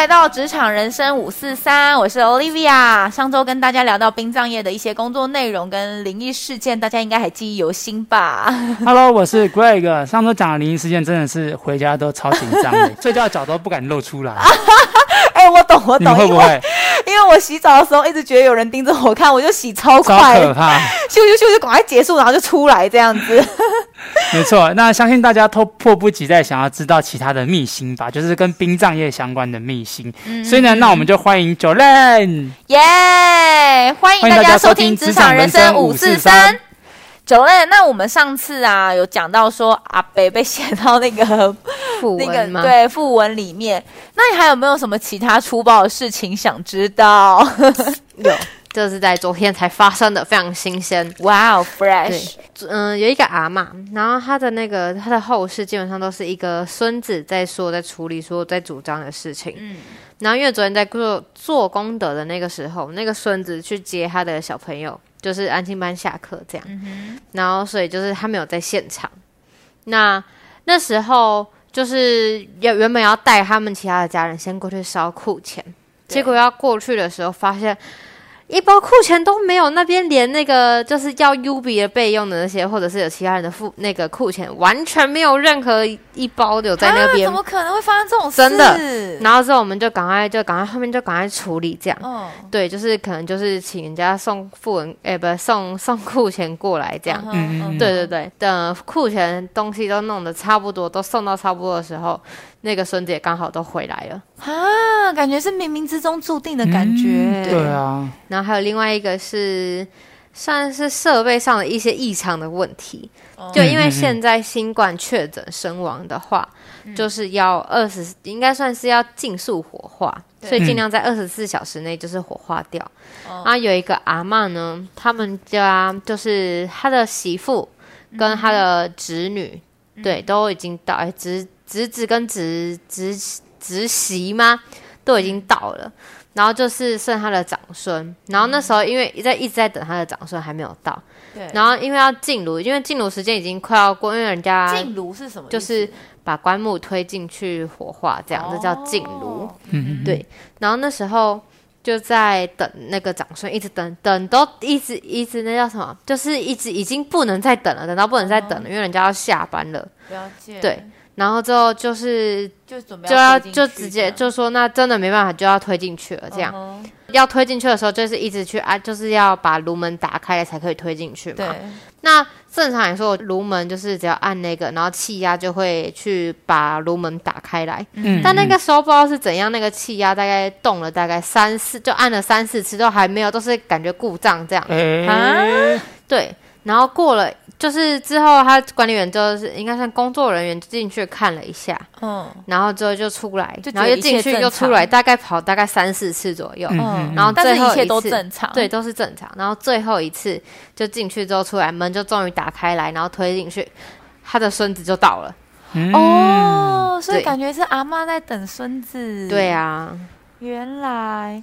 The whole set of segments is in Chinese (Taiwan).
來到職場人生五四三，我是 Olivia。上週跟大家聊到殯葬業的一些工作內容跟靈異事件，大家應該還記憶猶新吧？Hello，我是 Greg。 上週講的靈異事件真的是回家都超緊張的， 睡覺的腳都不敢露出來。 我懂，我懂，我懂，因為我因為我洗澡的時候一直覺得有人盯着我看，我就洗超快，超可怕，咻咻咻就趕快結束，然後就出來這樣子。 沒錯，那相信大家都迫不及待想要知道其他的秘辛吧，就是跟殯葬業相關的秘辛、嗯。所以呢，那我們就歡迎 Jo Lan 耶，yeah, 歡迎大家收聽《職場人生五四三》。Jo Lan 那我們上次啊有講到說阿北被寫到那個。嗎？那個對，訃文裡面，那你還有沒有什麼其他粗暴的事情想知道？ 有， 就是在昨天才發生的，非常新鮮。哇、wow,，fresh。嗯，有一個阿嬤，然後他的那個他的後事基本上都是一個孫子在說，在處理說，說在主張的事情。嗯，然後因為昨天在做做功德的那個時候，那個孫子去接他的小朋友，就是安親班下課這樣。嗯然後所以就是他沒有在現場。那那時候。就是要原本要帶他們其他的家人先過去燒庫錢，結果要過去的時候發現。一包庫錢都沒有，那邊連那個就是要 UB 的備用的那些，或者是有其他人的付那個庫錢，完全沒有任何一包留在那邊。欸、怎麼可能會發生這種事？真的。然後之後我們就趕快就趕快後面就趕快處理這樣、哦。對，就是可能就是請人家送付文、欸、不送送庫錢過來這樣。嗯哼嗯。嗯、對對對，等庫錢東西都弄得差不多，都送到差不多的時候。那個孫子也剛好都回來了啊，感覺是冥冥之中注定的感覺、嗯。對啊，然後還有另外一個是，算是設備上的一些異常的問題。就、哦、因為現在新冠確診身亡的話，嗯、就是要二十、嗯，應該算是要盡速火化、嗯，所以儘量在二十四小時內就是火化掉。嗯、啊，有一個阿嬤呢，他們家就是他的媳婦跟他的侄女、嗯嗯，對，都已經到哎侄。只侄子跟侄侄侄媳嗎？都已經到了、嗯，然後就是剩他的長孫，然後那時候因為在、嗯、一直在等他的長孫還沒有到，然後因為要進爐，因為進爐時間已經快要過，因為人家進爐是什麼？就是把棺木推進去火化這樣，哦、這叫進爐，嗯對，然後那時候就在等那個長孫，一直等等都一直一直那叫什麼？就是一直已經不能再等了，等到不能再等了，哦、因為人家要下班了，了解對。然後之後就是就準備就要就直接就說，那真的沒辦法，就要推進去了這樣。Uh-huh. 要推進去的時候就是一直去按，就是要把爐門打開來才可以推進去嘛。對，那正常來說爐門就是只要按那個，然後氣壓就會去把爐門打開來。嗯。但那個時候不知道是怎樣，那個氣壓大概動了大概三四，就按了三四次都還沒有，都是感覺故障這樣。嗯，對，然後過了。就是之後，他管理員就是應該算工作人員進去看了一下，嗯，然後之後就出來，就然後又進去就又出來，大概跑大概三四次左右，嗯，然後、後但是一切都正常，對，都是正常。然後最後一次就進去之後出來，門就終於打開來，然後推進去，他的孫子就到了。嗯、哦，所以感覺是阿嬤在等孫子。對。對啊，原來。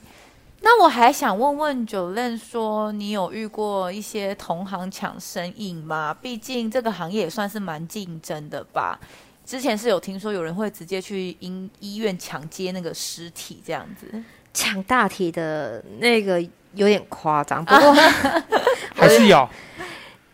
那我還想問問 Jo Lan，說，你有遇過一些同行搶生意嗎？畢竟這個行業也算是蠻競爭的吧。之前是有聽說有人會直接去醫醫院搶接那個屍體，這樣子搶大體的那個有點誇張，不過、啊、還是有。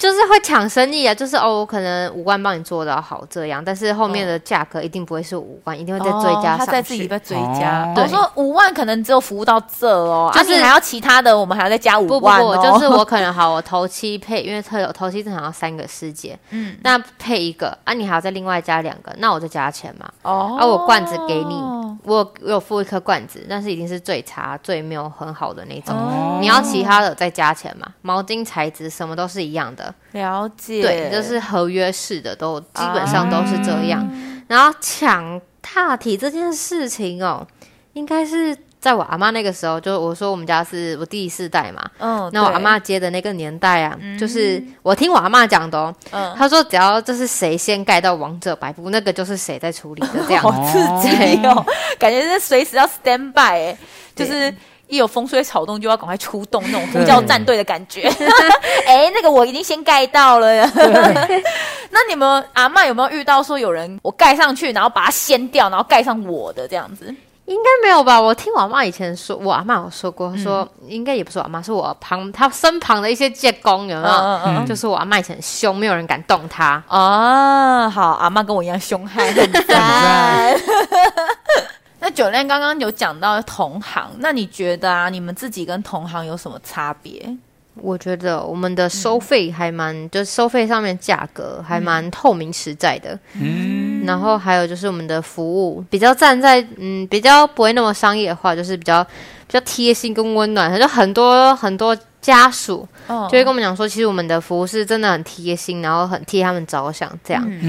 就是會搶生意啊，就是哦，我可能五萬幫你做到好這樣，但是後面的價格一定不會是五萬，一定會再追加上去。哦、他在自己在追加，對我說五萬可能只有服務到這哦，就是、啊、還要其他的，我們還要再加五萬、哦、不不不，就是我可能好，我頭七配，因為他有頭七，正常要三個師姐。嗯，那配一個啊，你還要再另外加兩個，那我就加錢嘛。哦，那、啊、我罐子給你，我我有付一顆罐子，但是一定是最差、最沒有很好的那種。哦、你要其他的再加錢嘛，毛巾材質什麼都是一樣的。了解，對，就是合約式的，都基本上都是這樣。嗯、然後搶大體這件事情哦，應該是在我阿嬤那個時候，就我說我們家是我第四代嘛，嗯，那我阿嬤接的那個年代啊，嗯、就是我聽我阿嬤講的哦、嗯，她說只要這是誰先蓋到亡者白布，那個就是誰在處理的，這樣，嗯、 好刺激哦，感覺是隨時要 stand by、欸、就是。一有風吹草動就要趕快出動，那種呼叫戰隊的感覺。哎、 欸，那個我已經先蓋到了。 那你們阿媽有沒有遇到說有人我蓋上去，然後把它掀掉，然後蓋上我的這樣子？應該沒有吧？我聽我阿媽以前說，我阿媽有說過說，說、嗯、應該也不是我阿媽，是我旁她身旁的一些借工有沒有、嗯嗯嗯？就是我阿媽以前很兇，沒有人敢動她。哦，好，阿媽跟我一樣兇悍。兇害酒店剛剛有講到同行，那你覺得啊，你們自己跟同行有什麼差別？我覺得我們的收費還蠻、嗯，就是收費上面價格還蠻透明實在的。嗯，然後還有就是我們的服務比較站在嗯比較不會那麼商業化，就是比較。比較貼心跟溫暖，就很多很多家屬就會跟我們講說，oh. 其實我們的服務是真的很貼心，然後很替他們着想這樣。Mm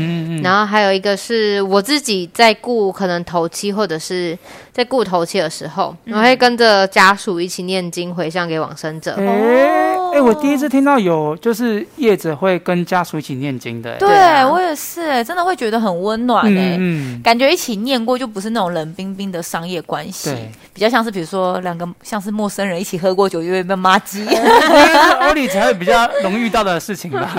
-hmm. 然後還有一個是我自己在顧可能頭七或者是在顧頭七的時候，我、mm -hmm. 會跟着家屬一起念經回向給往生者。Oh. 哎、欸，我第一次聽到有就是業者會跟家屬一起念經的、欸，對，對、啊、我也是、欸，哎，真的會覺得很溫暖、欸，哎、嗯嗯，感覺一起念過就不是那種冷冰冰的商業關係，比較像是比如說兩個像是陌生人一起喝過酒有沒有雞 因為到媽雞，奧利才會比較容易遇到的事情吧，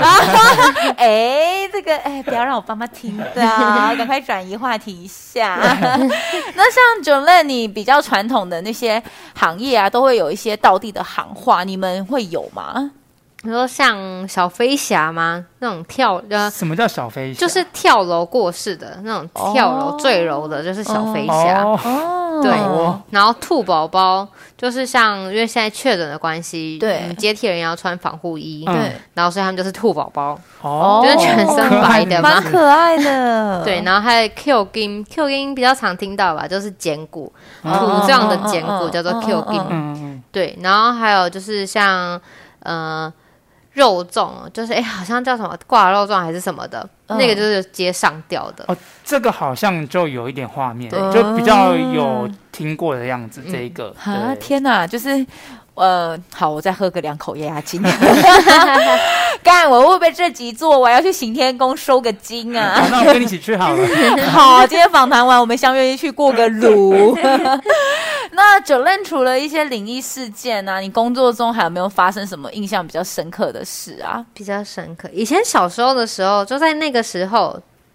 哎、 欸。哎，不要讓我爸媽聽到，哦，趕快轉移話題一下。 那像 Jo Lan，你比較傳統的那些行業啊，都會有一些道地的行話，你們會有嗎？你說像小飛俠嗎？那種跳呃，什麼叫小飛俠？就是跳樓過世的那種跳樓墜樓的，就是小飛俠哦、嗯。對哦，然後兔寶寶就是像因為現在確診的關係，對、嗯，接體人要穿防護衣，對、嗯，然後所以他們就是兔寶寶哦，就是全身白的，蠻、哦哦、可愛的。 愛的 對，然後還有 Q game，Q game 比較常聽到吧，就是撿骨、哦、土葬這樣的撿骨叫做 Q game，、哦嗯嗯嗯嗯、對。然後還有就是像呃。肉粽，就是哎、欸，好像叫什麼掛肉粽還是什麼的，嗯、那個就是街上吊的。哦，這個好像就有一點畫面，對，就比較有聽過的樣子。啊、這一個，啊、嗯、天哪，就是。呃，好，我再喝個兩口壓壓驚。 幹！我會不會這集做完，完要去行天宮收個驚啊，啊。那我跟你一起去好了。 好、啊，今天訪談完，我們相約去過個爐。 那 Jo Lan 除了一些靈異事件呢、啊，你工作中還有沒有發生什麼印象比較深刻的事啊？比較深刻，以前小時候的時候，就在那個時候，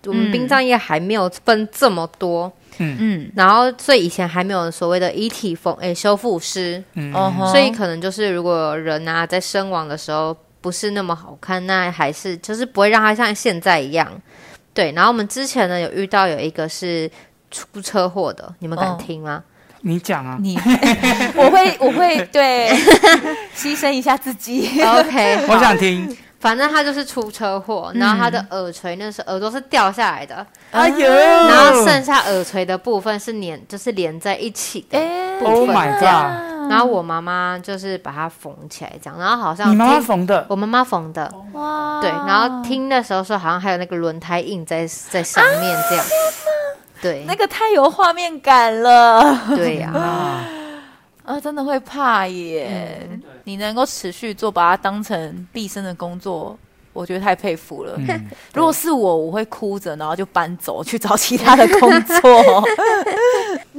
嗯、我們殯葬業還沒有分這麼多。嗯嗯，然後所以以前還沒有所謂的遺體縫誒修復師，嗯，所以可能就是如果有人啊在身亡的時候不是那麼好看，啊，那還是就是不會讓他像現在一樣，對。然後我們之前呢有遇到有一個是出車禍的，你們敢聽嗎？哦，你講啊，你 我會我會對犧 牲一下自己，OK，我想聽。反正他就是出車禍，嗯、然後他的耳垂那是耳朵是掉下來的，哎呦！然後剩下耳垂的部分是粘，就是連在一起的部分。Oh my god！然後我媽媽就是把它縫起來這樣，然後好像你媽媽縫的，我媽媽縫的。哇！對，然後聽的時候說好像還有那個輪胎印在在上面這樣、啊，對，那個太有畫面感了。對呀、啊。啊，真的會怕耶、嗯！你能夠持續做，把它當成畢生的工作，我覺得太佩服了。嗯、如果是我，我會哭着，然後就搬走去找其他的工作。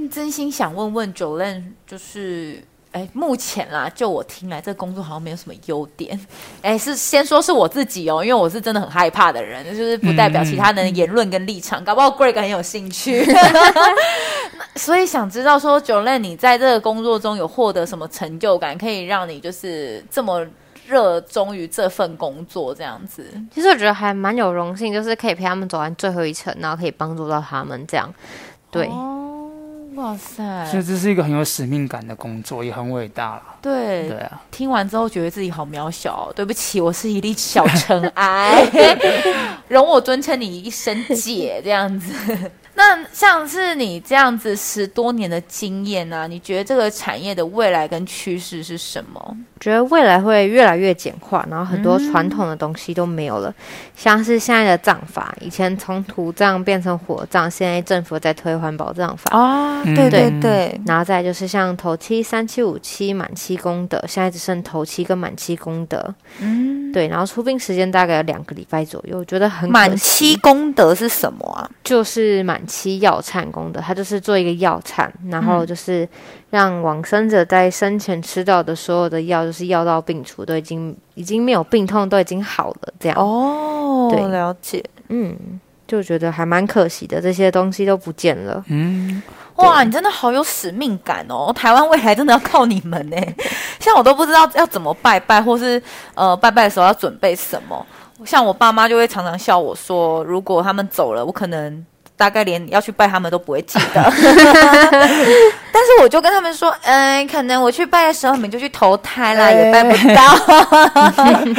真心想問問九 o n 就是。哎，目前啦，就我聽來，這個工作好像沒有什麼優點。哎，是先說是我自己哦，因為我是真的很害怕的人，就是不代表其他人的言論跟立場。嗯、搞不好 Greg 很有興趣， 所以想知道說，Jo Lan，你在這個工作中有獲得什麼成就感，可以讓你就是這麼熱衷於這份工作這樣子？其實我覺得還蠻有榮幸，就是可以陪他們走完最後一程，然後可以幫助到他們這樣，對。哦哇塞！所以這是一個很有使命感的工作，也很偉大啦。對對啊，聽完之後覺得自己好渺小哦。對不起，我是一粒小塵埃， 容我尊稱你一聲姐 這樣子。那像是你這樣子十多年的經驗啊，你覺得這個產業的未來跟趨勢是什麼？覺得未來會越來越簡化，然後很多傳統的東西都沒有了。嗯、像是現在的葬法，以前從土葬變成火葬，現在政府在推環保葬法。哦、嗯、對對對、嗯。然後再就是像頭七、三七、五七、滿七功德，現在只剩頭七跟滿七功德。嗯。對，然後出殯時間大概有兩個禮拜左右，我覺得很。滿期功德是什麼啊？就是滿期藥禪功德，他就是做一個藥禪，然後就是讓往生者在生前吃到的所有的藥、嗯，就是藥到、就是、到病除，都已經已經沒有病痛，都已經好了這樣。哦，對，了解。嗯，就覺得還蠻可惜的，這些東西都不見了。嗯。哇，你真的好有使命感哦！台灣未來真的要靠你們呢、欸。像我都不知道要怎麼拜拜，或是呃拜拜的時候要準備什麼。像我爸媽就會常常笑我說，如果他們走了，我可能大概連要去拜他們都不會記得。 但是我就跟他們說，嗯、呃，可能我去拜的時候，你們就去投胎啦，欸、也拜不到 但。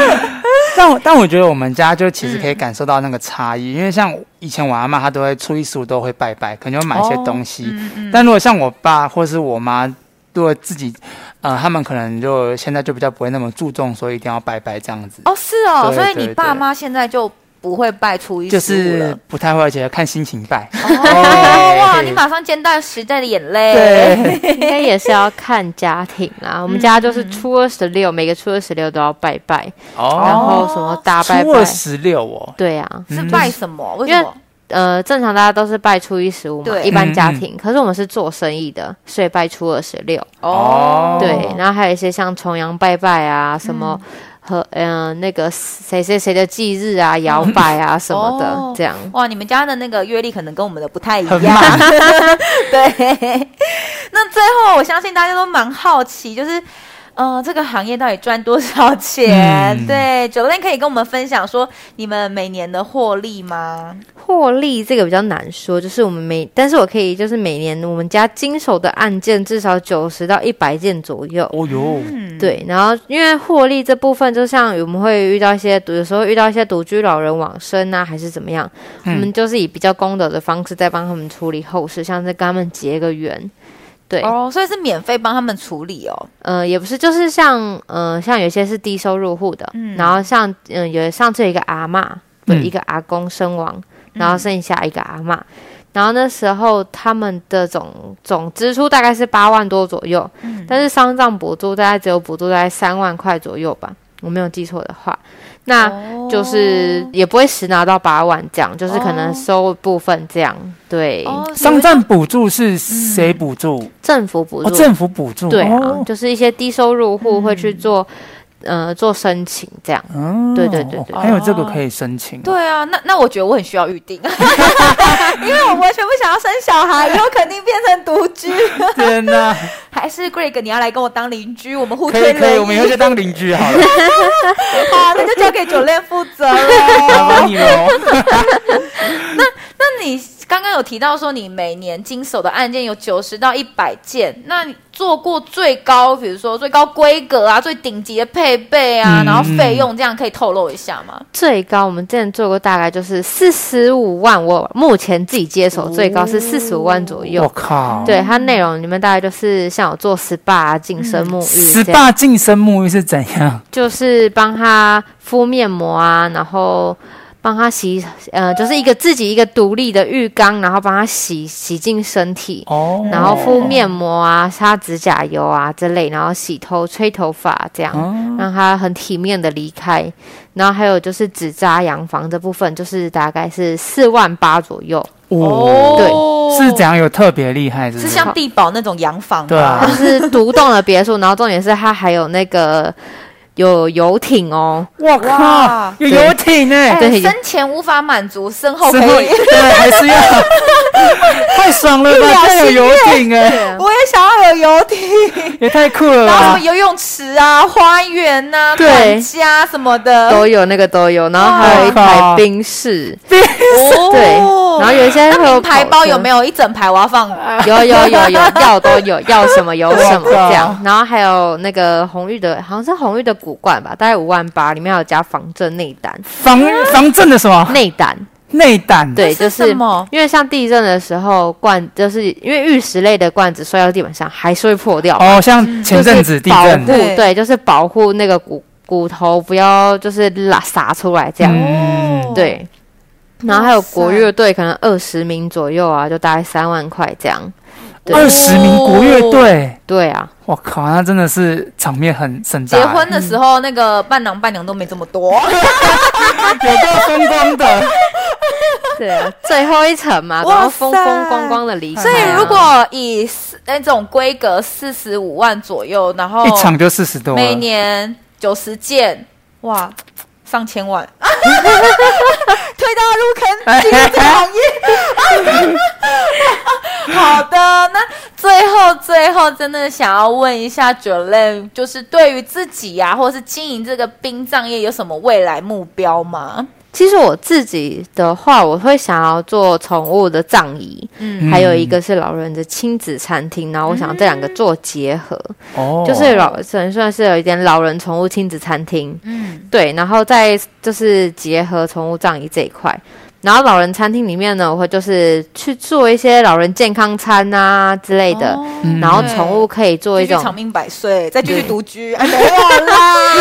但但我覺得我們家就其實可以感受到那個差異，嗯、因為像以前我阿媽她都會初一十五都會拜拜，可能就會買一些東西。哦、但如果像我爸或是我媽，如果自己，呃，他們可能就現在就比較不會那麼注重，說一定要拜拜這樣子。哦，是哦，所以你爸媽現在就。不會拜初一，就是不太會覺得，而且看心情拜。Oh, okay. 哇， 你馬上見到時代的眼淚。對，應 該也是要看家庭啦、啊 嗯。我們家就是初二十六，嗯、每個初二十六都要拜拜。哦。然後什麼大拜拜，初二十六哦。對啊。嗯、是拜什麼？為什麼？因為呃，正常大家都是拜初一十五嘛，嗯，一般家庭，嗯。可是我們是做生意的，所以拜初二十六。哦。對。然後還有一些像重陽拜拜啊、嗯、什麼。和嗯、呃，那個誰誰誰的忌日啊，搖擺啊什麼的、 哦，這樣。哇，你們家的那個月曆可能跟我們的不太一樣。 對。 那最後，我相信大家都蠻好奇，就是。哦，這個行業到底賺多少錢？嗯、對，Jo Lan 可以跟我們分享說你們每年的獲利嗎？獲利這個比較難說，就是我們每，但是我可以就是每年我們家經手的案件至少九十到一百件左右。哦喲，對，然後因為獲利這部分，就像我們會遇到一些，有時候遇到一些獨居老人往生啊，還是怎麼樣，嗯、我們就是以比較功德的方式在幫他們處理後事，像是跟他們結個緣。對哦，oh, 所以是免費幫他們處理哦。呃，也不是，就是像呃，像有些是低收入戶的、嗯，然後像、呃、嗯，有上次有一個阿嬤，對，一個阿公身亡，然後剩下一個阿嬤、嗯，然後那時候他們的總總支出大概是八萬多左右，嗯，但是喪葬補助大概只有補助在三萬塊左右吧。我沒有記錯的話，那就是也不會實拿到八萬這樣、哦，就是可能收部分這樣。哦、對，喪葬補助是誰補助、嗯？政府補助、哦，政府補助。對啊、哦，就是一些低收入戶會去做。呃，做申請這樣，哦、對，對對對對，還有這個可以申請、啊。對啊，那那我覺得我很需要預定， 因為我完全不想要生小孩， 以後肯定變成獨居。 天哪！還是 Greg 你要來跟我當鄰居，我們互推了。可以可以，我們以後就當鄰居好了。 好、啊，那就交給 Jo Lan 負責了。 那，那你。剛剛有提到說，你每年經手的案件有九十到一百件。那你做過最高，比如說最高規格啊，最頂級的配備啊，嗯、然後費用這樣可以透露一下嗎？嗯嗯、最高我們之前做過大概就是四十五萬，我目前自己接手最高是四十五萬左右。我、哦、靠！對它內容裡面大概就是像我做 SPA、啊、淨身沐浴。SPA、嗯、淨身沐浴是怎樣？就是幫他敷面膜啊，然後。幫他洗，呃，就是一個自己一個獨立的浴缸，然後幫他洗洗淨身體，oh. 然後敷面膜啊，擦指甲油啊之類，然後洗頭、吹頭髮這樣，oh. 讓他很體面的離開。然後還有就是紙扎洋房這部分，就是大概是四萬八左右，哦、oh.，對，oh. 是這樣，有特別厲害是,是，是像帝寶那種洋房、啊，對、啊， 就是獨棟的別墅，然後重點是它還有那個。有遊艇哦！我靠，哇有遊艇呢、欸！生前無法滿足，身後可以，對， 對，還是要 太爽了吧？還有遊艇哎，我也想要有遊艇，也太酷了。然後游泳池啊，花園吶、啊，對，管家什麼的都有，那個都有。然後還有一台賓士。Oh, 對、哦，然後有一些名牌包有沒有一整排我要放、啊？有有有有 要都有要什麼有什麼這樣。然後還有那個紅玉的，好像是紅玉的骨罐吧，大概五萬八，裡面還有加防震內膽，防、啊、防震的什麼內膽？內膽對，就是因為像地震的時候罐就是因為玉石類的罐子摔到地板上還是會破掉哦。像前陣子地震，對，就是保護那個骨骨頭不要就是拉灑出來這樣，對。然後還有國樂隊，可能二十名左右啊，就大概三萬塊這樣。二十名國樂隊，對啊，我靠，那真的是場面很盛大。結婚的時候、嗯，那個伴郎伴娘都沒這麼多，哈哈風光的。對，最後一程嘛，然後風風光，光光的離開、啊。所以如果以那種規格四十五萬左右，然後一場就四十多，每年九十件，哇，上千萬。嗯 退到入坑殯葬業 好的。那最後最後，真的想要問一下 Jo Lan，就是對於自己呀、啊，或是經營這個殯葬業，有什麼未來目標嗎？其實我自己的話，我會想要做寵物的葬儀，嗯，還有一個是老人的親子餐廳，然後我想要這兩個做結合，哦、嗯，就是老算是有一點老人寵物親子餐廳，嗯，對，然後再就是結合寵物葬儀這一塊，然後老人餐廳裡面呢，我會就是去做一些老人健康餐啊之類的，哦、然後寵物可以做一種長命百歲，再繼續獨居，沒完啦。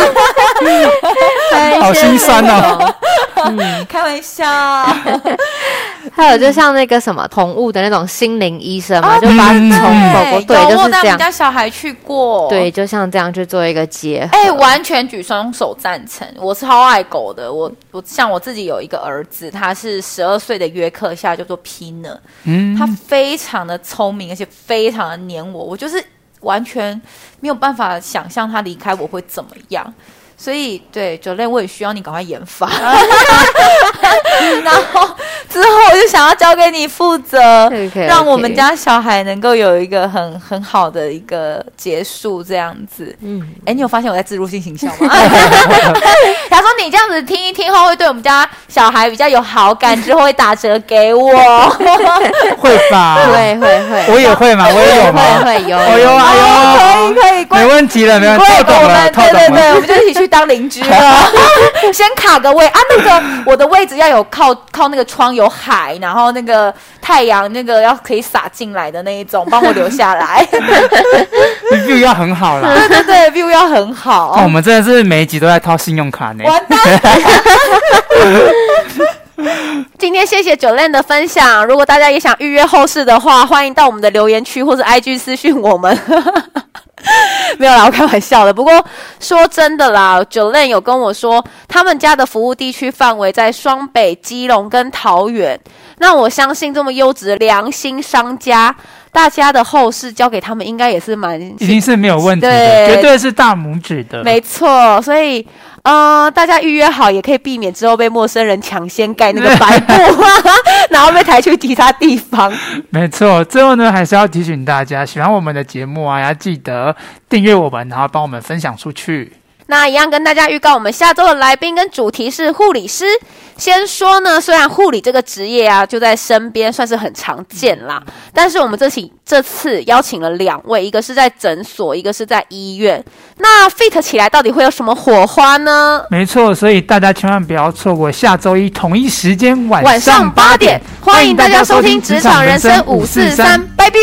好心酸吶、啊！ 開玩笑、啊。 還有，就像那個什麼，寵物的那種心靈醫生嘛，啊、就幫從狗狗對我是這樣。我們家小孩去過，對，就像這樣去做一個結。哎、欸，完全舉雙手贊成！我超愛狗的，我我像我自己有一個兒子，他是十二歲的約克夏，叫做 Pine。嗯，他非常的聰明，而且非常的黏我，我就是完全沒有辦法想象他離開我會怎麼樣。所以，對，Jo Lan，我也需要你趕快研發。 然後之後我就想要交給你負責，okay, okay. 讓我們家小孩能夠有一個很很好的一個結束這樣子。嗯，哎、欸，你有發現我在置入性行銷嗎？他 說你這樣子聽一聽後，會對我們家小孩比較有好感，之後會打折給我。 會吧？對會會會，我也會嘛，我也有嘛， 會會有,有,有。哎呦哎呦，可以可以,可以，沒問題了沒問題。對，我們對對對，我們就一起去當鄰居了。 先卡個位啊，那個我的位置要有。靠靠那個窗有海，然後那個太陽那個要可以灑進來的那一種，幫我留下來。 view 要很好啦， 對對對 ，View 要很好、哦。我們真的是每一集都在掏信用卡呢。完蛋。 今天謝謝 Jo Lan 的分享，如果大家也想預約後事的話，歡迎到我們的留言區或者 IG 私訊我們。 沒有啦，我開玩笑的。不過說真的啦，Jo Lan 有跟我說，他們家的服務地區範圍在雙北、基隆跟桃園。那我相信這麼優質的良心商家，大家的後事交給他們，應該也是蠻，已經是沒有問題的，絕對是大拇指的。沒錯，所以，呃，大家預約好，也可以避免之後被陌生人搶先蓋那個白布， 然後被抬去其他地方。沒錯，最後呢，還是要提醒大家，喜歡我們的節目啊，要記得訂閱我們，然後幫我們分享出去。那一樣跟大家預告，我們下周的來賓跟主題是護理師。先說呢，雖然護理這個職業啊就在身邊，算是很常見啦，但是我們這期這次邀請了兩位，一個是在診所，一個是在醫院。那 fit 起來到底會有什麼火花呢？沒錯，所以大家千萬不要錯過下周一同一時間晚上八點，點，歡迎大家收聽《職場人生五四三》，拜拜。